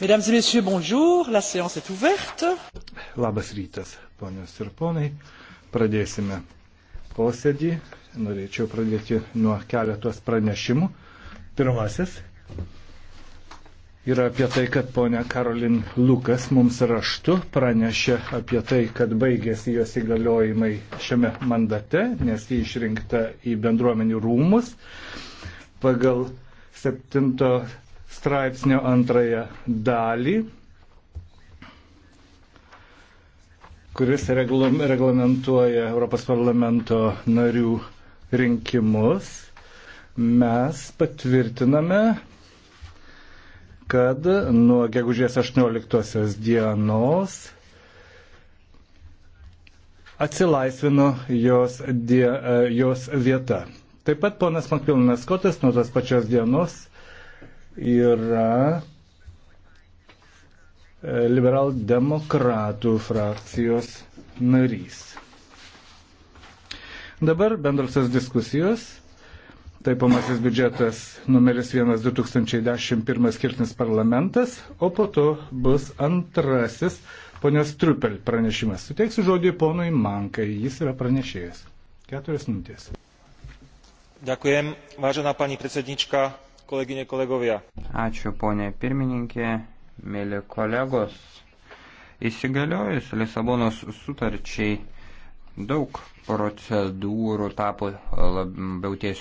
Mesdames et messieurs, bonjour, la séance est ouverte. Labas rytas, ponios ir ponai. Pradėsime posėdį. Norėčiau pradėti nuo keletos pranešimų. Pirmasis yra apie tai, kad ponia Karolin Lukas mums raštu pranešė apie tai, kad baigėsi jos įgaliojimai šiame mandate, nes jį išrinkta į bendruomenių rūmus pagal 7 straipsnio antrąją dalį, kuris reglamentuoja Europos parlamento narių rinkimus, mes patvirtiname, kad nuo gegužės 18 dienos atsilaisvino jos, die, jos vieta. Taip pat ponas Makvilinas Kotas nuo tos pačios dienos yra e, liberaldemokratų frakcijos narys. Dabar bendrosios diskusijos. Taipomasis biudžetas numeris 1 2011 skirtinis parlamentas, o po to bus antrasis ponios Trupel pranešimas. Suteiksiu žodį ponui Mankai, jis yra pranešėjas. Keturias minutės. Ďakujem, vážená pani predsednička, kolegyne, kolegovia. Ačiū, ponė pirmininkė, mėly kolegos. Įsigaliojus Lisabonos sutarčiai daug procedūrų tapo labiau tiesiog.